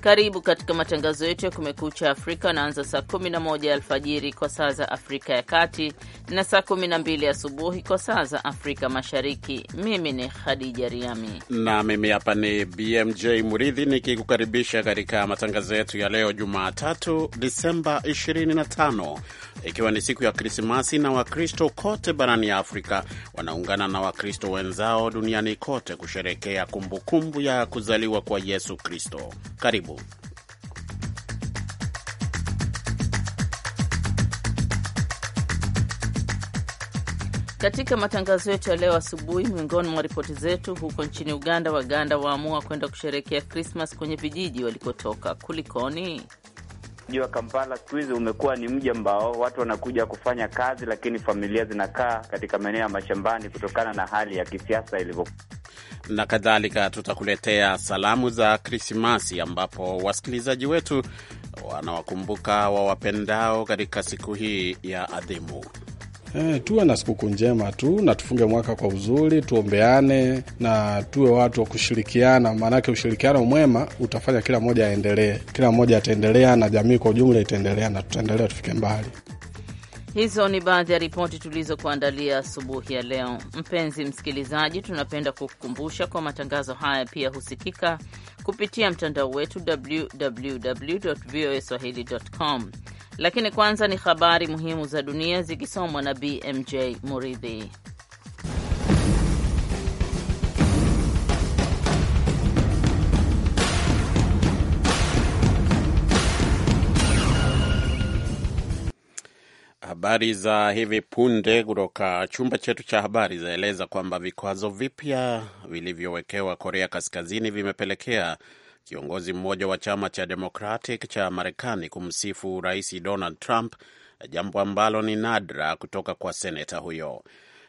Karibu katika matangazo yetu ya Kumekucha Afrika anaanza saa 11 alfajiri kwa saa za Afrika ya Kati na saa 12 asubuhi kwa saa za Afrika Mashariki. Mimi ni Khadija Riami na mimi hapa ni BMJ Muridhi nikikukaribisha katika matangazo yetu ya leo Jumatatu, Disemba 25 ikiwa ni siku ya Krismasi na Wakristo kote barani Afrika wanaungana na Wakristo wenzao duniani kote kusherekea kumbukumbu kumbu ya kuzaliwa kwa Yesu Kristo. Karibu. Katika matangazo yetu ya leo asubuhi, miongoni mwa ripoti zetu, huko nchini Uganda, Waganda waamua kwenda kusherekea Krismas kwenye vijiji walikotoka. Kulikoni? Mji wa Kampala siku hizi umekuwa ni mji ambao watu wanakuja kufanya kazi, lakini familia zinakaa katika maeneo ya mashambani kutokana na hali ya kisiasa ilivyo. Na kadhalika tutakuletea salamu za Krismasi ambapo wasikilizaji wetu wanawakumbuka wawapendao katika siku hii ya adhimu. Eh, tuwe na sikukuu njema tu na tufunge mwaka kwa uzuri, tuombeane na tuwe watu wa kushirikiana, maanake ushirikiano mwema utafanya kila mmoja aendelee, kila mmoja ataendelea na jamii kwa ujumla itaendelea, na tutaendelea tufike mbali. Hizo ni baadhi ya ripoti tulizokuandalia asubuhi ya leo. Mpenzi msikilizaji, tunapenda kukukumbusha kwa matangazo haya pia husikika kupitia mtandao wetu www voa swahili com lakini kwanza ni habari muhimu za dunia zikisomwa na BMJ Muridhi. Habari za hivi punde kutoka chumba chetu cha habari zaeleza kwamba vikwazo vipya vilivyowekewa Korea Kaskazini vimepelekea kiongozi mmoja wa chama cha Democratic cha Marekani kumsifu Rais Donald Trump, jambo ambalo ni nadra kutoka kwa seneta huyo.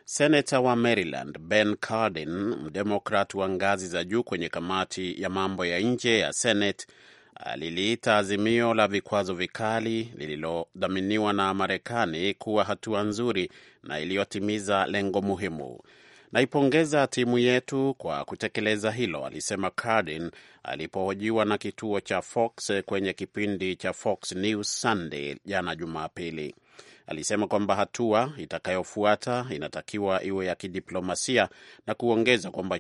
Senata wa Maryland Ben Cardin, mdemokrat wa ngazi za juu kwenye kamati ya mambo ya nje ya Senate, aliliita azimio la vikwazo vikali lililodhaminiwa na Marekani kuwa hatua nzuri na iliyotimiza lengo muhimu. Naipongeza timu yetu kwa kutekeleza hilo, alisema Cardin alipohojiwa na kituo cha Fox kwenye kipindi cha Fox News Sunday jana Jumapili. Alisema kwamba hatua itakayofuata inatakiwa iwe ya kidiplomasia na kuongeza kwamba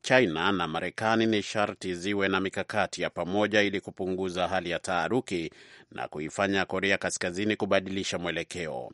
China na Marekani ni sharti ziwe na mikakati ya pamoja ili kupunguza hali ya taharuki na kuifanya Korea Kaskazini kubadilisha mwelekeo.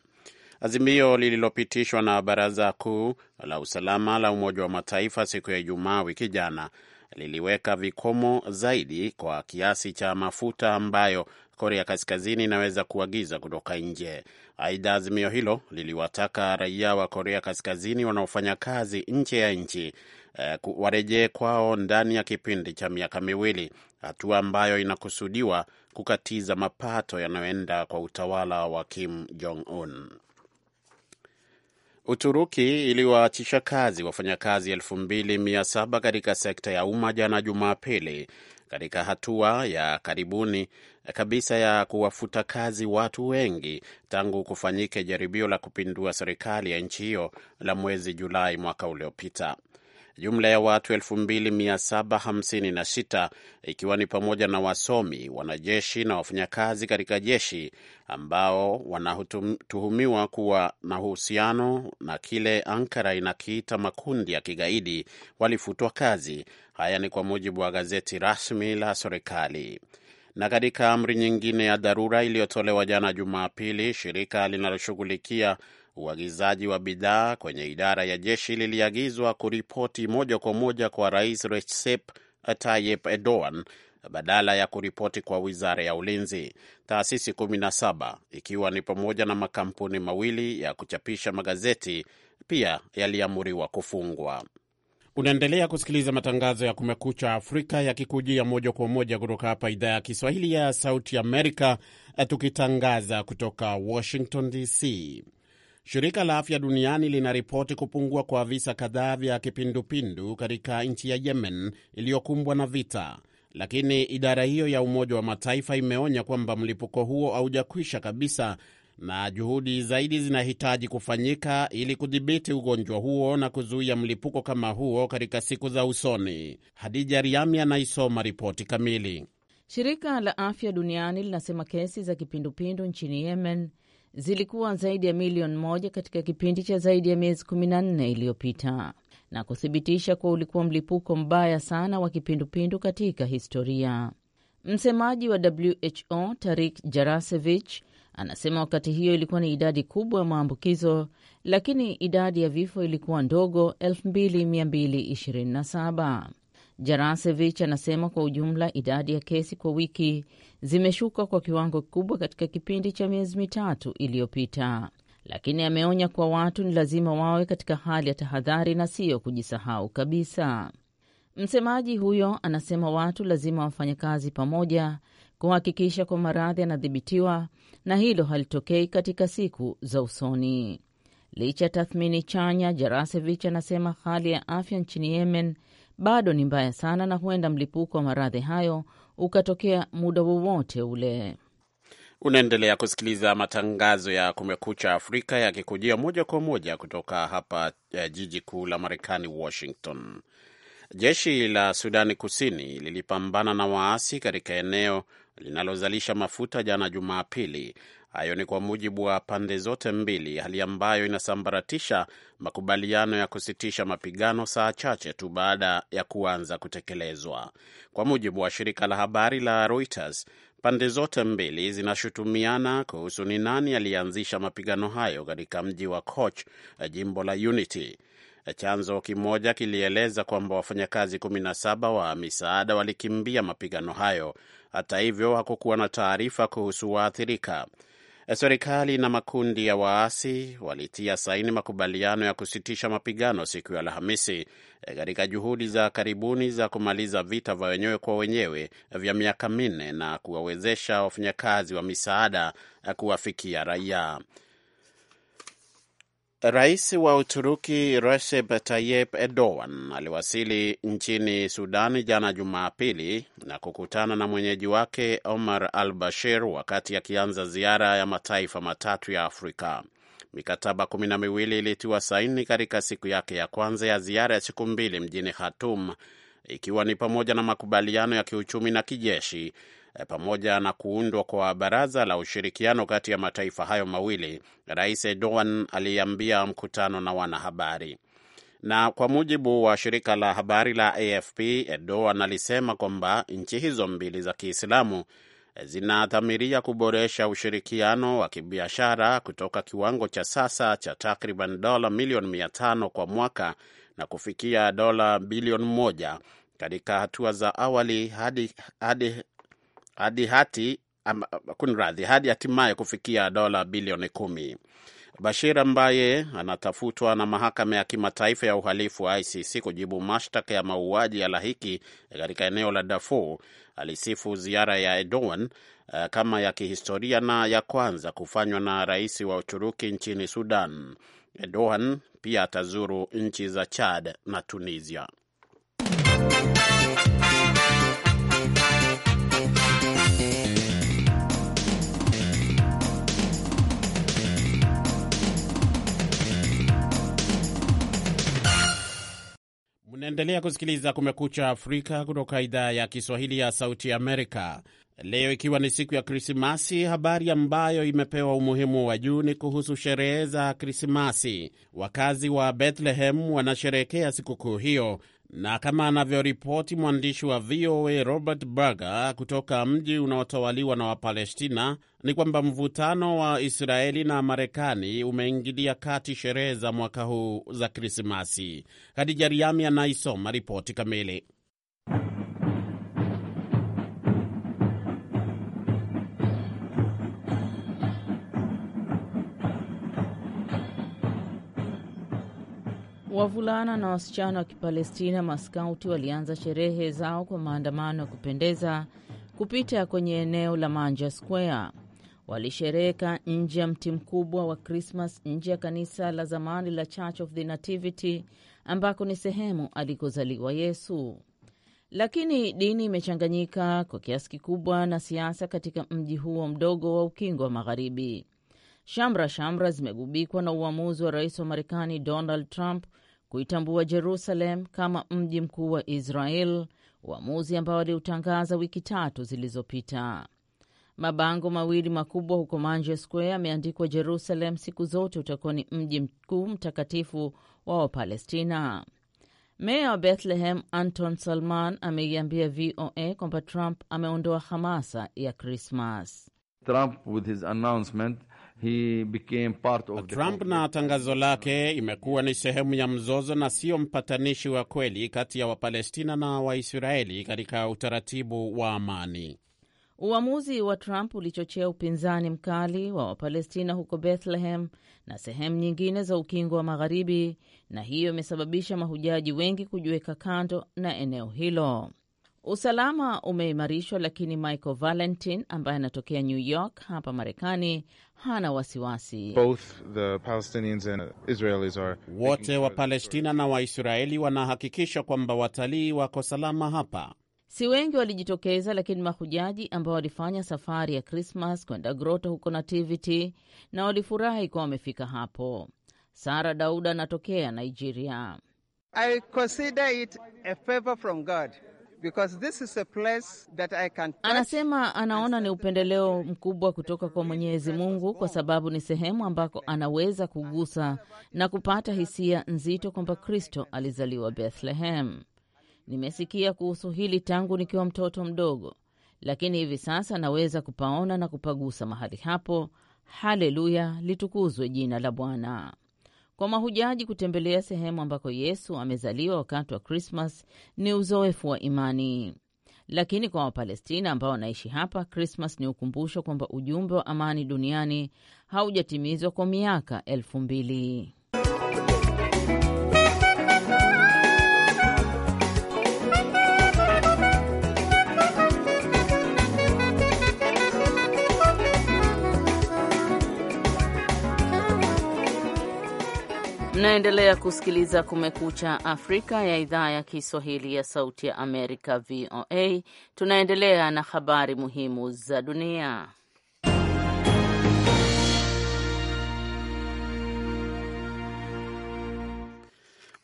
Azimio lililopitishwa na Baraza Kuu la Usalama la Umoja wa Mataifa siku ya Ijumaa wiki jana liliweka vikomo zaidi kwa kiasi cha mafuta ambayo Korea Kaskazini inaweza kuagiza kutoka nje. Aidha, azimio hilo liliwataka raia wa Korea Kaskazini wanaofanya kazi nje ya nchi eh, warejee kwao ndani ya kipindi cha miaka miwili, hatua ambayo inakusudiwa kukatiza mapato yanayoenda kwa utawala wa Kim Jong Un. Uturuki iliwaachisha kazi wafanyakazi 2700 katika sekta ya umma jana Jumapili, katika hatua ya karibuni kabisa ya kuwafuta kazi watu wengi tangu kufanyike jaribio la kupindua serikali ya nchi hiyo la mwezi Julai mwaka uliopita jumla ya watu 2756 ikiwa ni pamoja na wasomi, wanajeshi na wafanyakazi katika jeshi ambao wanatuhumiwa kuwa na uhusiano na kile Ankara inakiita makundi ya kigaidi walifutwa kazi. Haya ni kwa mujibu wa gazeti rasmi la serikali. Na katika amri nyingine ya dharura iliyotolewa jana Jumapili, shirika linaloshughulikia uagizaji wa bidhaa kwenye idara ya jeshi liliagizwa kuripoti moja kwa moja kwa Rais Recep Tayyip Erdogan badala ya kuripoti kwa wizara ya ulinzi. Taasisi 17 ikiwa ni pamoja na makampuni mawili ya kuchapisha magazeti pia yaliamuriwa kufungwa. Unaendelea kusikiliza matangazo ya Kumekucha Afrika yakikujia moja kwa moja kutoka hapa idhaa ya Kiswahili ya Sauti Amerika, tukitangaza kutoka Washington DC. Shirika la Afya Duniani linaripoti kupungua kwa visa kadhaa vya kipindupindu katika nchi ya Yemen iliyokumbwa na vita, lakini idara hiyo ya Umoja wa Mataifa imeonya kwamba mlipuko huo haujakwisha kabisa na juhudi zaidi zinahitaji kufanyika ili kudhibiti ugonjwa huo na kuzuia mlipuko kama huo katika siku za usoni. Hadija Riami anaisoma ripoti kamili. Shirika la Afya Duniani linasema kesi za kipindupindu nchini Yemen zilikuwa zaidi ya milioni moja katika kipindi cha zaidi ya miezi 14 iliyopita na kuthibitisha kuwa ulikuwa mlipuko mbaya sana wa kipindupindu katika historia. Msemaji wa WHO Tarik Jarasevich anasema wakati hiyo ilikuwa ni idadi kubwa ya maambukizo, lakini idadi ya vifo ilikuwa ndogo 2227. Jarasevich anasema kwa ujumla idadi ya kesi kwa wiki zimeshuka kwa kiwango kikubwa katika kipindi cha miezi mitatu iliyopita, lakini ameonya kuwa watu ni lazima wawe katika hali ya tahadhari na siyo kujisahau kabisa. Msemaji huyo anasema watu lazima wafanye kazi pamoja kuhakikisha kwa maradhi yanadhibitiwa na hilo halitokei katika siku za usoni. Licha ya tathmini chanya, Jarasevich anasema hali ya afya nchini Yemen bado ni mbaya sana na huenda mlipuko wa maradhi hayo ukatokea muda wowote ule. Unaendelea kusikiliza matangazo ya Kumekucha Afrika yakikujia moja kwa moja kutoka hapa eh, jiji kuu la Marekani, Washington. Jeshi la Sudani Kusini lilipambana na waasi katika eneo linalozalisha mafuta jana Jumapili, Hayo ni kwa mujibu wa pande zote mbili, hali ambayo inasambaratisha makubaliano ya kusitisha mapigano saa chache tu baada ya kuanza kutekelezwa. Kwa mujibu wa shirika la habari la Reuters, pande zote mbili zinashutumiana kuhusu ni nani aliyeanzisha mapigano hayo katika mji wa Koch, jimbo la Unity. Chanzo kimoja kilieleza kwamba wafanyakazi 17 wa misaada walikimbia mapigano hayo. Hata hivyo, hakukuwa na taarifa kuhusu waathirika. Serikali na makundi ya waasi walitia saini makubaliano ya kusitisha mapigano siku ya Alhamisi eh, katika juhudi za karibuni za kumaliza vita vya wenyewe kwa wenyewe vya miaka minne na kuwawezesha wafanyakazi wa misaada eh, kuwafikia raia. Rais wa Uturuki Recep Tayyip Erdogan aliwasili nchini Sudani jana Jumapili na kukutana na mwenyeji wake Omar al Bashir wakati akianza ziara ya mataifa matatu ya Afrika. Mikataba kumi na miwili ilitiwa saini katika siku yake ya kwanza ya ziara ya siku mbili mjini Khartoum, ikiwa ni pamoja na makubaliano ya kiuchumi na kijeshi Eh, pamoja na kuundwa kwa baraza la ushirikiano kati ya mataifa hayo mawili, Rais Erdogan aliambia mkutano na wanahabari. Na kwa mujibu wa shirika la habari la AFP, Erdogan alisema kwamba nchi hizo mbili za Kiislamu eh, zinadhamiria kuboresha ushirikiano wa kibiashara kutoka kiwango cha sasa cha takriban dola milioni mia tano kwa mwaka na kufikia dola bilioni moja katika hatua za awali hadi, hadi hadi hati kunradhi, hadi hatimaye kufikia dola bilioni kumi. Bashir ambaye anatafutwa na mahakama ya kimataifa ya uhalifu wa ICC kujibu mashtaka ya mauaji ya lahiki katika eneo la Darfur alisifu ziara ya Erdogan uh, kama ya kihistoria na ya kwanza kufanywa na rais wa Uturuki nchini Sudan. Erdogan pia atazuru nchi za Chad na Tunisia. Unaendelea kusikiliza Kumekucha Afrika kutoka idhaa ya Kiswahili ya Sauti Amerika. Leo ikiwa ni siku ya Krismasi, habari ambayo imepewa umuhimu wa juu ni kuhusu sherehe za Krismasi. Wakazi wa Bethlehem wanasherehekea sikukuu hiyo na kama anavyoripoti mwandishi wa VOA Robert Berger kutoka mji unaotawaliwa na Wapalestina ni kwamba mvutano wa Israeli na Marekani umeingilia kati sherehe za mwaka huu za Krismasi. Hadija Riami anaisoma ripoti kamili. Wavulana na wasichana wa Kipalestina maskauti walianza sherehe zao kwa maandamano ya kupendeza kupita kwenye eneo la Manja Square. Walishereheka nje ya mti mkubwa wa Krismas nje ya kanisa la zamani la Church of the Nativity ambako ni sehemu alikozaliwa Yesu. Lakini dini imechanganyika kwa kiasi kikubwa na siasa katika mji huo mdogo wa ukingo wa Magharibi. Shamra shamra zimegubikwa na uamuzi wa rais wa Marekani Donald Trump kuitambua Jerusalem kama mji mkuu wa Israel, uamuzi ambao aliutangaza wiki tatu zilizopita. Mabango mawili makubwa huko Manje Square yameandikwa Jerusalem siku zote utakuwa ni mji mkuu mtakatifu wa Wapalestina. Meya wa Bethlehem Anton Salman ameiambia VOA kwamba Trump ameondoa hamasa ya Krismas. Trump with his announcement Trump na tangazo lake imekuwa ni sehemu ya mzozo na sio mpatanishi wa kweli kati ya Wapalestina na Waisraeli katika utaratibu wa amani. Uamuzi wa Trump ulichochea upinzani mkali wa Wapalestina huko Bethlehem na sehemu nyingine za ukingo wa Magharibi, na hiyo imesababisha mahujaji wengi kujiweka kando na eneo hilo. Usalama umeimarishwa, lakini Michael Valentin ambaye anatokea New York hapa Marekani hana wasiwasi. Wote Wapalestina na Waisraeli wanahakikisha kwamba watalii wako salama hapa. Si wengi walijitokeza, lakini mahujaji ambao walifanya safari ya Krismas kwenda groto huko Nativity na walifurahi kuwa wamefika hapo. Sara Dauda anatokea Nigeria. I consider it a favor from God. Because this is a place that I can anasema anaona ni upendeleo mkubwa kutoka kwa Mwenyezi Mungu kwa sababu ni sehemu ambako anaweza kugusa na kupata hisia nzito kwamba Kristo alizaliwa Bethlehem. Nimesikia kuhusu hili tangu nikiwa mtoto mdogo, lakini hivi sasa naweza kupaona na kupagusa mahali hapo. Haleluya, litukuzwe jina la Bwana. Kwa mahujaji kutembelea sehemu ambako Yesu amezaliwa wakati wa Krismas ni uzoefu wa imani, lakini kwa Wapalestina ambao wanaishi hapa, Krismas ni ukumbusho kwamba ujumbe wa amani duniani haujatimizwa kwa miaka elfu mbili. Mnaendelea kusikiliza Kumekucha Afrika ya idhaa ya Kiswahili ya Sauti ya Amerika, VOA. Tunaendelea na habari muhimu za dunia.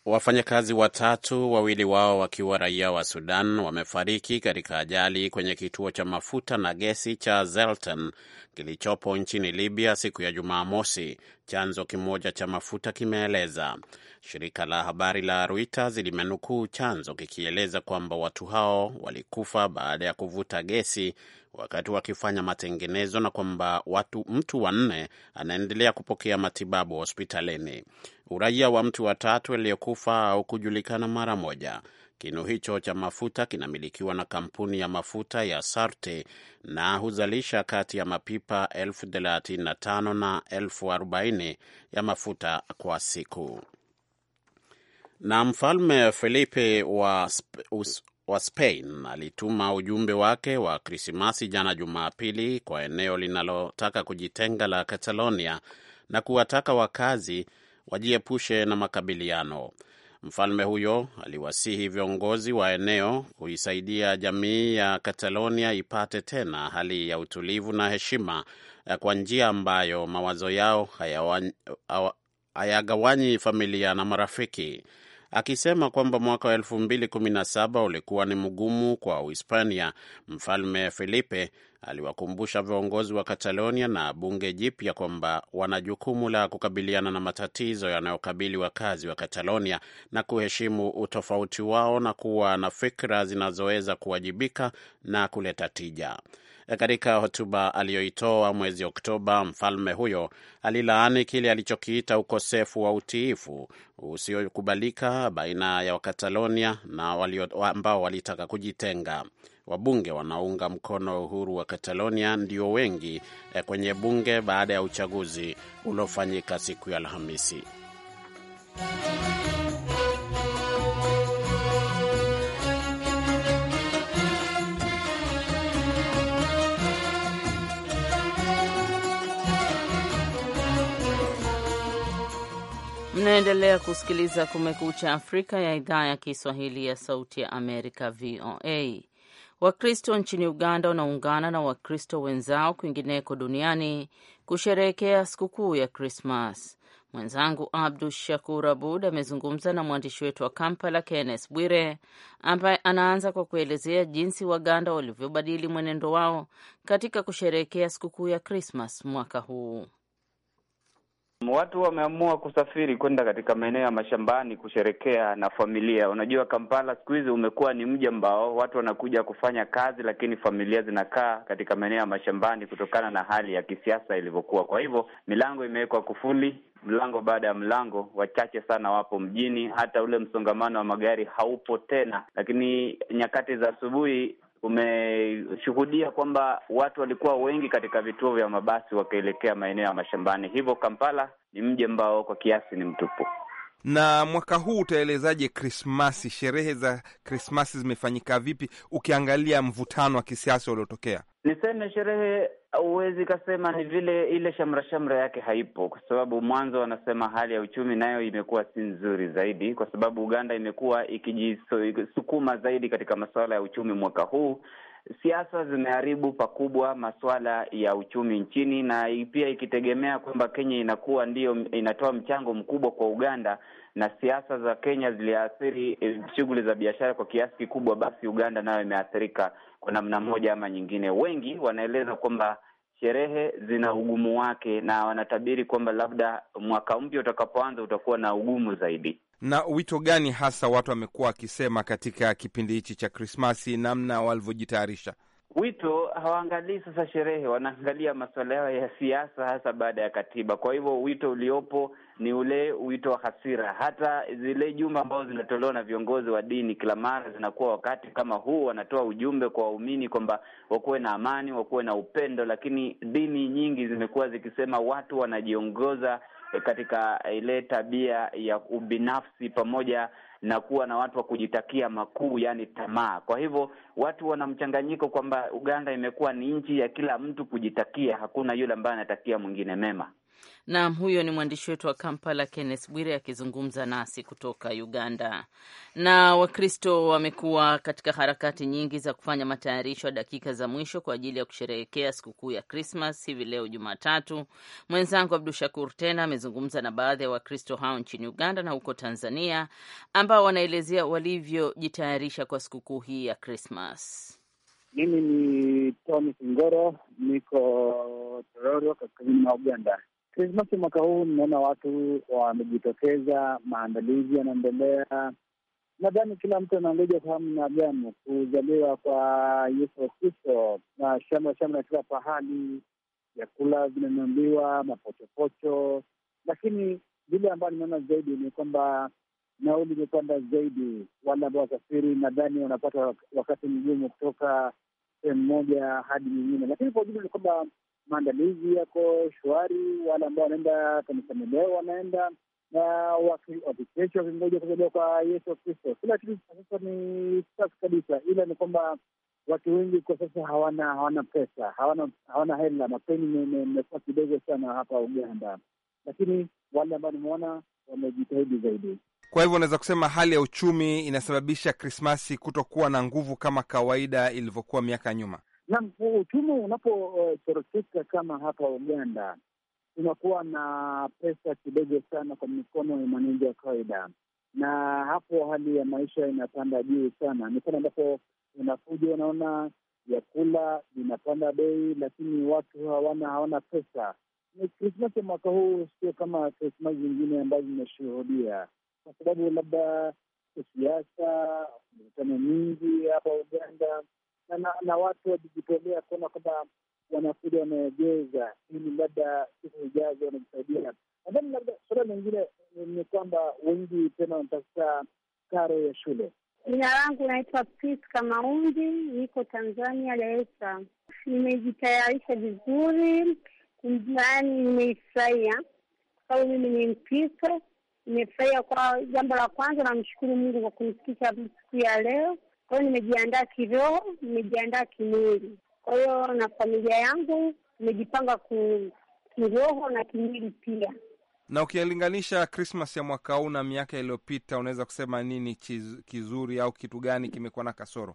Wafanyakazi watatu, wawili wao wakiwa raia wa Sudan, wamefariki katika ajali kwenye kituo cha mafuta na gesi cha Zelton kilichopo nchini Libya siku ya Jumamosi, chanzo kimoja cha mafuta kimeeleza. Shirika la habari la Reuters limenukuu chanzo kikieleza kwamba watu hao walikufa baada ya kuvuta gesi wakati wakifanya matengenezo na kwamba watu mtu wanne anaendelea kupokea matibabu hospitalini. Uraia wa mtu watatu aliyekufa au kujulikana mara moja. Kinu hicho cha mafuta kinamilikiwa na kampuni ya mafuta ya Sarte na huzalisha kati ya mapipa elfu thelathini na tano na elfu arobaini ya mafuta kwa siku. Na Mfalme Felipe wa, wa Spain alituma ujumbe wake wa Krismasi jana Jumapili kwa eneo linalotaka kujitenga la Catalonia na kuwataka wakazi wajiepushe na makabiliano. Mfalme huyo aliwasihi viongozi wa eneo kuisaidia jamii ya Catalonia ipate tena hali ya utulivu na heshima eh, kwa njia ambayo mawazo yao hayagawanyi familia na marafiki akisema kwamba mwaka wa 2017 ulikuwa ni mgumu kwa Uhispania. Mfalme Felipe aliwakumbusha viongozi wa Katalonia na bunge jipya kwamba wana jukumu la kukabiliana na matatizo yanayokabili wakazi wa Katalonia na kuheshimu utofauti wao na kuwa na fikra zinazoweza kuwajibika na kuleta tija. Katika hotuba aliyoitoa mwezi Oktoba, mfalme huyo alilaani kile alichokiita ukosefu wa utiifu usiokubalika baina ya Wakatalonia na walio ambao walitaka kujitenga. Wabunge wanaunga mkono uhuru wa Katalonia ndio wengi eh, kwenye bunge baada ya uchaguzi uliofanyika siku ya Alhamisi. Mnaendelea kusikiliza Kumekucha Afrika ya idhaa ya Kiswahili ya Sauti ya Amerika, VOA. Wakristo nchini Uganda wanaungana na Wakristo wenzao kwingineko duniani kusherehekea sikukuu ya Krismas. Mwenzangu Abdu Shakur Abud amezungumza na mwandishi wetu wa Kampala, Kennes Bwire, ambaye anaanza kwa kuelezea jinsi Waganda walivyobadili mwenendo wao katika kusherehekea sikukuu ya Krismas mwaka huu. Watu wameamua kusafiri kwenda katika maeneo ya mashambani kusherekea na familia. Unajua, Kampala siku hizi umekuwa ni mji ambao watu wanakuja kufanya kazi, lakini familia zinakaa katika maeneo ya mashambani kutokana na hali ya kisiasa ilivyokuwa. Kwa hivyo milango imewekwa kufuli, mlango baada ya mlango. Wachache sana wapo mjini, hata ule msongamano wa magari haupo tena, lakini nyakati za asubuhi umeshuhudia kwamba watu walikuwa wengi katika vituo vya mabasi wakielekea maeneo ya mashambani. Hivyo Kampala ni mji ambao kwa kiasi ni mtupu. Na mwaka huu utaelezaje Krismasi? Sherehe za Krismasi zimefanyika vipi, ukiangalia mvutano wa kisiasa uliotokea? Niseme sherehe, huwezi kasema ni vile, ile shamra shamra yake haipo, kwa sababu mwanzo wanasema hali ya uchumi nayo imekuwa si nzuri zaidi, kwa sababu Uganda imekuwa ikijisukuma zaidi katika masuala ya uchumi mwaka huu. Siasa zimeharibu pakubwa masuala ya uchumi nchini, na pia ikitegemea kwamba Kenya inakuwa ndiyo inatoa mchango mkubwa kwa Uganda na siasa za Kenya ziliathiri eh, shughuli za biashara kwa kiasi kikubwa, basi Uganda nayo imeathirika kwa namna moja ama nyingine. Wengi wanaeleza kwamba sherehe zina ugumu wake na wanatabiri kwamba labda mwaka mpya utakapoanza utakuwa na ugumu zaidi. Na wito gani hasa watu wamekuwa wakisema katika kipindi hichi cha Krismasi, namna walivyojitayarisha? wito hawaangalii sasa sherehe, wanaangalia masuala yao ya siasa, hasa baada ya katiba. Kwa hivyo wito uliopo ni ule wito wa hasira. Hata zile jumba ambazo zinatolewa na viongozi wa dini kila mara zinakuwa wakati kama huu, wanatoa ujumbe kwa waumini kwamba wakuwe na amani, wakuwe na upendo, lakini dini nyingi zimekuwa zikisema watu wanajiongoza eh, katika ile tabia ya ubinafsi pamoja na kuwa na watu wa kujitakia makuu, yani tamaa. Kwa hivyo watu wana mchanganyiko kwamba Uganda imekuwa ni nchi ya kila mtu kujitakia, hakuna yule ambaye anatakia mwingine mema. Naam, huyo ni mwandishi wetu wa Kampala, Kenneth Bwire akizungumza nasi kutoka Uganda. Na Wakristo wamekuwa katika harakati nyingi za kufanya matayarisho ya dakika za mwisho kwa ajili ya kusherehekea sikukuu ya Krismas hivi leo Jumatatu. Mwenzangu Abdu Shakur tena amezungumza na baadhi ya Wakristo hao nchini Uganda na huko Tanzania, ambao wanaelezea walivyojitayarisha kwa sikukuu hii ya Krismas. Mimi ni tomi Singoro, niko Tororo, kaskazini mwa Uganda. Krismasi mwaka huu nimeona watu wamejitokeza, maandalizi yanaendelea. Nadhani kila mtu anangoja kwa hamu na gani kuzaliwa kwa Yesu Kristo, na shamra shamra kila pahali, vyakula vinanunuliwa, mapochopocho. Lakini vile ambayo nimeona zaidi ni kwamba nauli imepanda zaidi. Wale ambao wasafiri, nadhani wanapata wakati mgumu kutoka sehemu moja hadi nyingine, lakini kwa ujumla ni kwamba maandalizi yako shwari, wale ambao wanaenda kanisani leo wanaenda na wakikesha wakingoja kuzaliwa kwa Yesu Kristo. Kila kitu kwa sasa ni safi kabisa, ila ni kwamba watu wengi kwa sasa hawana hawana pesa, hawana hawana hela. Mapeni imekuwa kidogo sana hapa Uganda, lakini wale ambao nimeona wamejitahidi zaidi. Kwa hivyo unaweza kusema hali ya uchumi inasababisha Krismasi kutokuwa na nguvu kama kawaida ilivyokuwa miaka nyuma na uchumi unapochorokeka eh, uh, kama hapa Uganda, unakuwa na pesa kidogo sana kwa mikono ya mwananchi wa kawaida, na hapo hali ya maisha inapanda juu sana. Ni pale ambapo unakuja unaona vyakula vinapanda bei, lakini watu hawana hawana pesa. Ni ya mwaka huu sio kama Krismasi zingine ambazo zimeshuhudia, kwa sababu labda kisiasa mikutano mingi hapa Uganda na, na, na watu wajijitolea kuona kwamba wanakuja wanaegeza ili labda siku ijazo wanajisaidia. Nadhani labda suala lingine ni kwamba wengi tena wanatafuta karo ya shule. Jina langu naitwa Priska Maungi, niko Tanzania, Dar es Salaam. Nimejitayarisha vizuri, yaani nimeifurahia kwa sababu mimi ni Mkristo. Nimefurahia kwa jambo la kwanza, namshukuru Mungu kwa kunifikisha siku ya leo kwa hiyo nimejiandaa kiroho, nimejiandaa kimwili. Kwa hiyo na familia yangu nimejipanga kiroho na kimwili pia. Na ukilinganisha Krismas ya mwaka huu na miaka iliyopita, unaweza kusema nini kizuri au kitu gani kimekuwa na kasoro?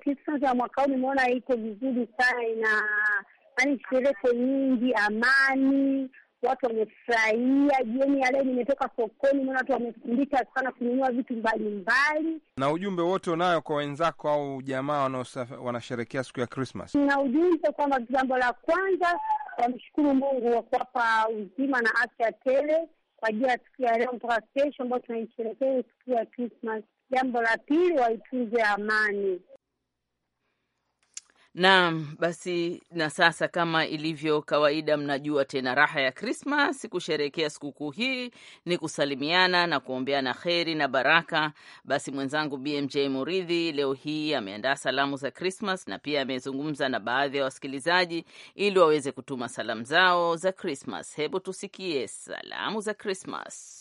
Krismas ah, ya mwaka huu nimeona iko vizuri sana, ina yani sherehe nyingi, amani watu wamefurahia. Jioni ya leo nimetoka sokoni, maana watu wamefundika sana kununua vitu mbalimbali. Na ujumbe wote unayo kwa wenzako au jamaa wanasherekea siku ya Krismas, Na ujumbe kwamba jambo la kwanza wamshukuru Mungu wa kuwapa uzima na afya tele kwa ajili ya siku ya leo mpaka kesho ambayo tunaisherekea siku ya Krismas. Jambo la pili waitunze amani, Naam, basi na sasa, kama ilivyo kawaida, mnajua tena raha ya Krismas. Kusherehekea sikukuu hii ni kusalimiana na kuombeana kheri na baraka. Basi mwenzangu BMJ Muridhi leo hii ameandaa salamu za Krismas na pia amezungumza na baadhi ya wasikilizaji ili waweze kutuma salamu zao za Krismas. Hebu tusikie salamu za Krismas.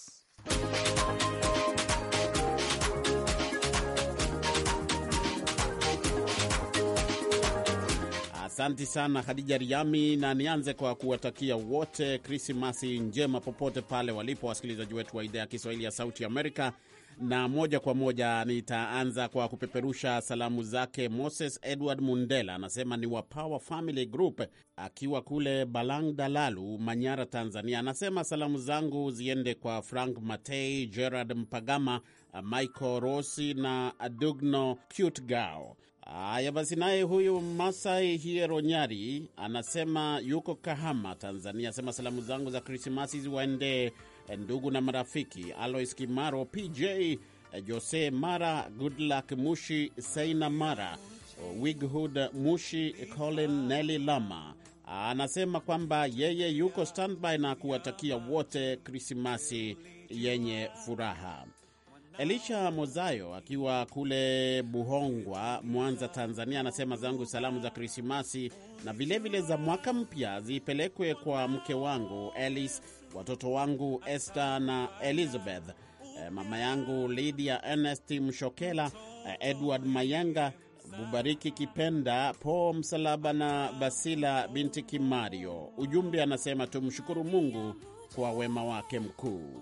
Asanti sana Khadija Riami, na nianze kwa kuwatakia wote Krismasi njema popote pale walipo wasikilizaji wetu wa idhaa ya Kiswahili ya Sauti Amerika. Na moja kwa moja nitaanza kwa kupeperusha salamu zake Moses Edward Mundela, anasema ni wa Power Family Group akiwa kule Balang Dalalu, Manyara, Tanzania. Anasema salamu zangu ziende kwa Frank Matei, Gerard Mpagama, Michael Rossi na dugno Cutgao. Haya basi, naye huyu Masai Hieronyari anasema yuko Kahama, Tanzania, asema salamu zangu za Krismasi ziwaendee eh, ndugu na marafiki Alois Kimaro, PJ eh, Jose Mara, Goodluck Mushi, seina Mara, eh, Wighood Mushi, Colin Nelly Lama. Anasema kwamba yeye yuko standby na kuwatakia wote Krismasi yenye furaha. Elisha Mozayo akiwa kule Buhongwa, Mwanza, Tanzania, anasema zangu salamu za Krismasi na vilevile za mwaka mpya zipelekwe kwa mke wangu Elis, watoto wangu Esther na Elizabeth, eh, mama yangu Lydia Ernest Mshokela, eh, Edward Mayanga, Bubariki Kipenda, Po Msalaba na Basila binti Kimario. Ujumbe anasema tumshukuru Mungu kwa wema wake mkuu.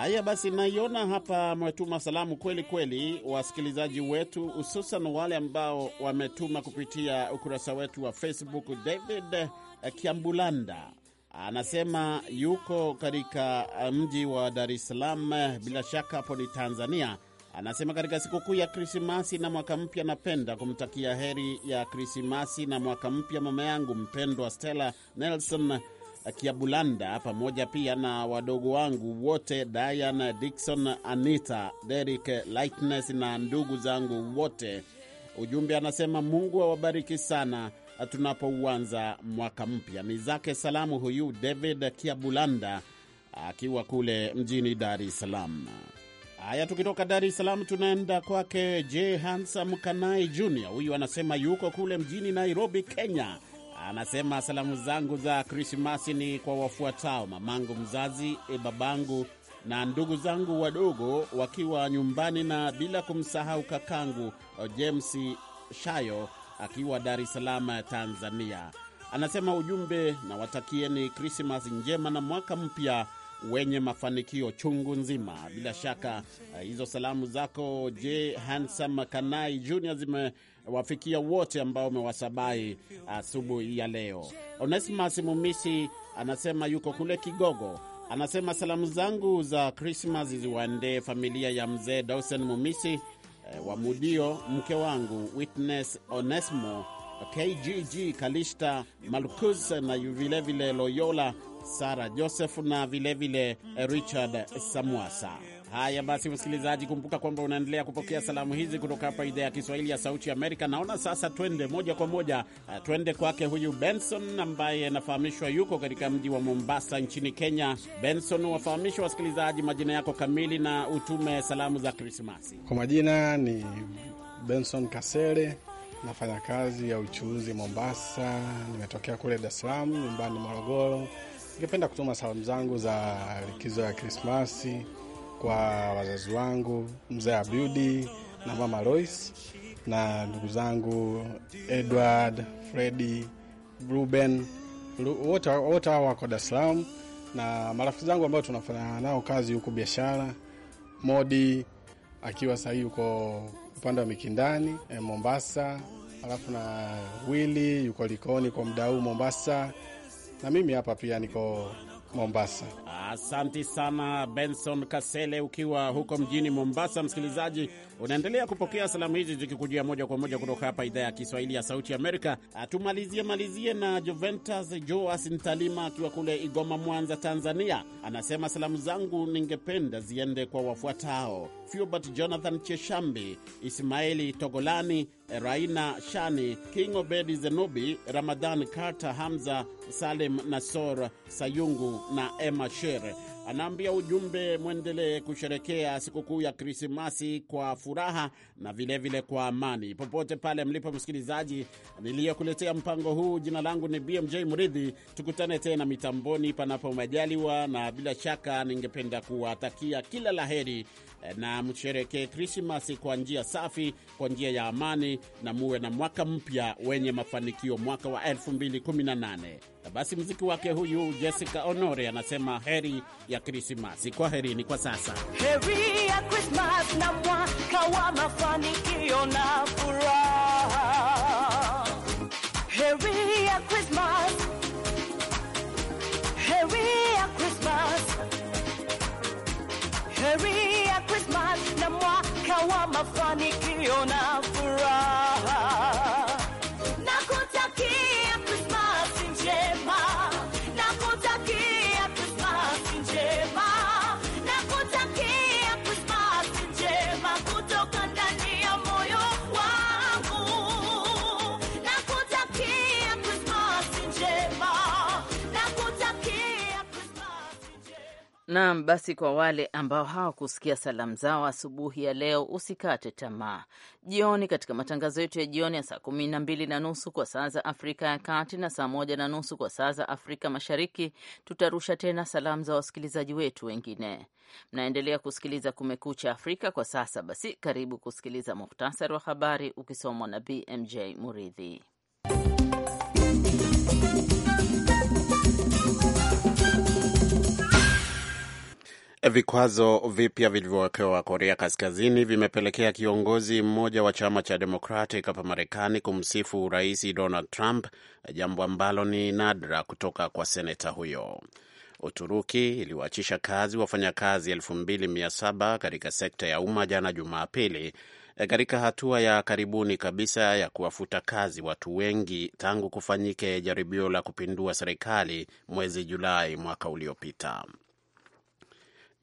Haya basi, naiona hapa mwetuma salamu kweli kweli, wasikilizaji wetu hususan wale ambao wametuma kupitia ukurasa wetu wa Facebook. David Kiambulanda anasema yuko katika mji wa Dar es Salaam, bila shaka hapo ni Tanzania. Anasema katika sikukuu ya Krismasi na mwaka mpya, napenda kumtakia heri ya Krismasi na mwaka mpya mama yangu mpendwa Stella Nelson Kiabulanda pamoja pia na wadogo wangu wote dian Dikson, Anita, Derik Lightness na ndugu zangu wote. Ujumbe anasema Mungu awabariki sana tunapouanza mwaka mpya. Ni zake salamu huyu David Kiabulanda akiwa kule mjini Dar es Salaam. Haya, tukitoka Dar es Salaam tunaenda kwake J Handsome Kanai Jr. Huyu anasema yuko kule mjini Nairobi, Kenya. Anasema salamu zangu za Krismasi ni kwa wafuatao: mamangu mzazi, e babangu na ndugu zangu wadogo wakiwa nyumbani, na bila kumsahau kakangu uh, James Shayo akiwa Dar es Salaam, Tanzania. Anasema ujumbe, nawatakieni Krismasi njema na mwaka mpya wenye mafanikio chungu nzima. Bila shaka uh, hizo salamu zako J Hansam Kanai Junior zime wafikia wote ambao umewasabahi asubuhi ya leo. Onesimas Mumisi anasema yuko kule Kigogo, anasema salamu zangu za Krismas ziwaendee familia ya mzee Dawson Mumisi eh, wa Mudio, mke wangu Witness Onesmo, KGG Kalista Malkus na vilevile vile Loyola Sara Joseph na vilevile vile eh, Richard Samwasa. Haya basi, msikilizaji, kumbuka kwamba unaendelea kupokea salamu hizi kutoka hapa idhaa ya Kiswahili ya Sauti Amerika. Naona sasa twende moja kwa moja, uh, twende kwake huyu Benson ambaye anafahamishwa yuko katika mji wa Mombasa nchini Kenya. Benson, wafahamishwa wasikilizaji majina yako kamili na utume salamu za Krismasi. Kwa majina ni Benson Kasere, nafanya kazi ya uchuuzi Mombasa, nimetokea kule Dar es Salaam, nyumbani Morogoro. Ningependa kutuma salamu zangu za likizo ya Krismasi kwa wazazi wangu mzee Abudi na mama Lois na ndugu zangu Edward, Fredi, Ruben wote hao wako Dar es Salaam na marafiki zangu ambao tunafanya nao kazi huko biashara, Modi akiwa sahii yuko upande wa Mikindani eh, Mombasa, alafu na Wili yuko Likoni kwa mda huu Mombasa, na mimi hapa pia niko Mombasa. Asante sana Benson Kasele ukiwa huko mjini Mombasa. Msikilizaji, Unaendelea kupokea salamu hizi zikikujia moja kwa moja kutoka hapa idhaa ya Kiswahili ya Sauti Amerika. Ah, tumalizie malizie na Juventus Joas Ntalima akiwa kule Igoma, Mwanza, Tanzania. Anasema salamu zangu ningependa ziende kwa wafuatao: fubert Jonathan Cheshambi, Ismaeli Togolani, Raina Shani, King Obedi Zenobi, ramadhan Karta, Hamza Salim, Nasor Sayungu na Emma Shere. Anaambia ujumbe mwendelee kusherekea sikukuu ya Krismasi kwa furaha na vilevile vile kwa amani, popote pale mlipo. Msikilizaji niliyokuletea mpango huu, jina langu ni BMJ Mridhi. Tukutane tena mitamboni, panapo majaliwa, na bila shaka ningependa kuwatakia kila laheri na msherekee krismas kwa njia safi, kwa njia ya amani, na muwe na mwaka mpya wenye mafanikio, mwaka wa 2018. Na basi mziki wake huyu Jessica Honore anasema heri ya Krismasi. Kwa herini kwa sasa, heri ya Krismas na mwaka wa mafanikio na mafanikio na Naam, basi kwa wale ambao hawakusikia salamu zao asubuhi ya leo, usikate tamaa. Jioni katika matangazo yetu ya jioni ya saa kumi na mbili na nusu kwa saa za Afrika ya Kati na saa moja na nusu kwa saa za Afrika Mashariki, tutarusha tena salamu za wasikilizaji wetu wengine. Mnaendelea kusikiliza Kumekucha Afrika kwa sasa. Basi karibu kusikiliza muhtasari wa habari ukisomwa na BMJ Muridhi. Vikwazo vipya vilivyowekewa Korea Kaskazini vimepelekea kiongozi mmoja wa chama cha Democratic hapa Marekani kumsifu Rais Donald Trump, jambo ambalo ni nadra kutoka kwa seneta huyo. Uturuki iliwaachisha kazi wafanyakazi elfu katika sekta ya umma jana Jumapili, eh, katika hatua ya karibuni kabisa ya kuwafuta kazi watu wengi tangu kufanyike jaribio la kupindua serikali mwezi Julai mwaka uliopita.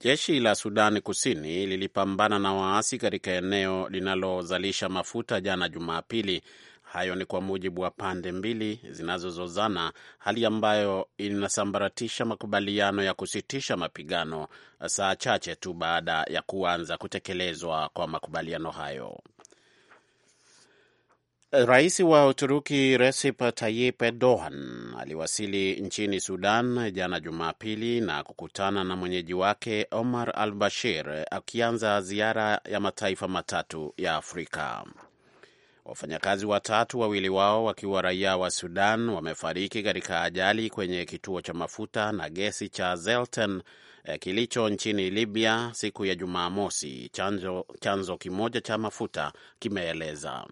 Jeshi la Sudan Kusini lilipambana na waasi katika eneo linalozalisha mafuta jana Jumapili. Hayo ni kwa mujibu wa pande mbili zinazozozana, hali ambayo inasambaratisha makubaliano ya kusitisha mapigano saa chache tu baada ya kuanza kutekelezwa kwa makubaliano hayo. Rais wa Uturuki Recep Tayyip Erdogan aliwasili nchini Sudan jana Jumapili na kukutana na mwenyeji wake Omar al Bashir, akianza ziara ya mataifa matatu ya Afrika. Wafanyakazi watatu, wawili wao wakiwa raia wa Sudan, wamefariki katika ajali kwenye kituo cha mafuta na gesi cha Zelten eh, kilicho nchini Libya siku ya Jumamosi, chanzo, chanzo kimoja cha mafuta kimeeleza.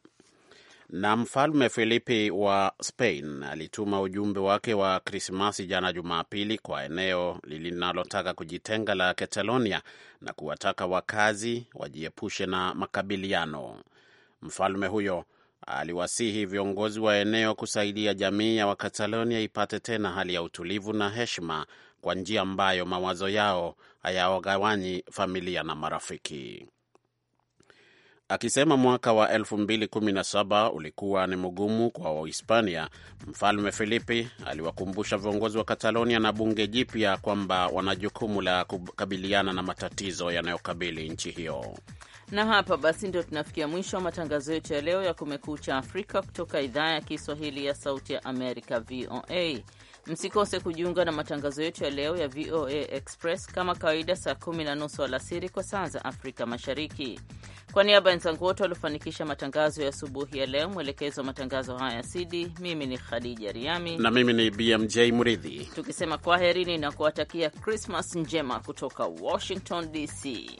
Na mfalme Filipi wa Spain alituma ujumbe wake wa Krismasi jana Jumapili kwa eneo linalotaka kujitenga la Catalonia na kuwataka wakazi wajiepushe na makabiliano. Mfalme huyo aliwasihi viongozi wa eneo kusaidia jamii ya Wakatalonia ipate tena hali ya utulivu na heshima kwa njia ambayo mawazo yao hayawagawanyi familia na marafiki akisema mwaka wa 2017 ulikuwa ni mgumu kwa Wahispania. Mfalme Filipi aliwakumbusha viongozi wa Katalonia na bunge jipya kwamba wana jukumu la kukabiliana na matatizo yanayokabili nchi hiyo. Na hapa basi ndio tunafikia mwisho wa matangazo yetu ya leo ya Kumekucha Afrika kutoka idhaa ya Kiswahili ya Sauti ya Amerika, VOA. Msikose kujiunga na matangazo yetu ya leo ya VOA Express kama kawaida, saa kumi na nusu alasiri kwa saa za Afrika Mashariki. Kwa niaba ya wenzangu wote waliofanikisha matangazo ya asubuhi ya leo, mwelekezo wa matangazo haya Sidi, mimi ni Khadija Riami na mimi ni BMJ Muridhi, tukisema kwaherini na kuwatakia Krismas njema kutoka Washington DC.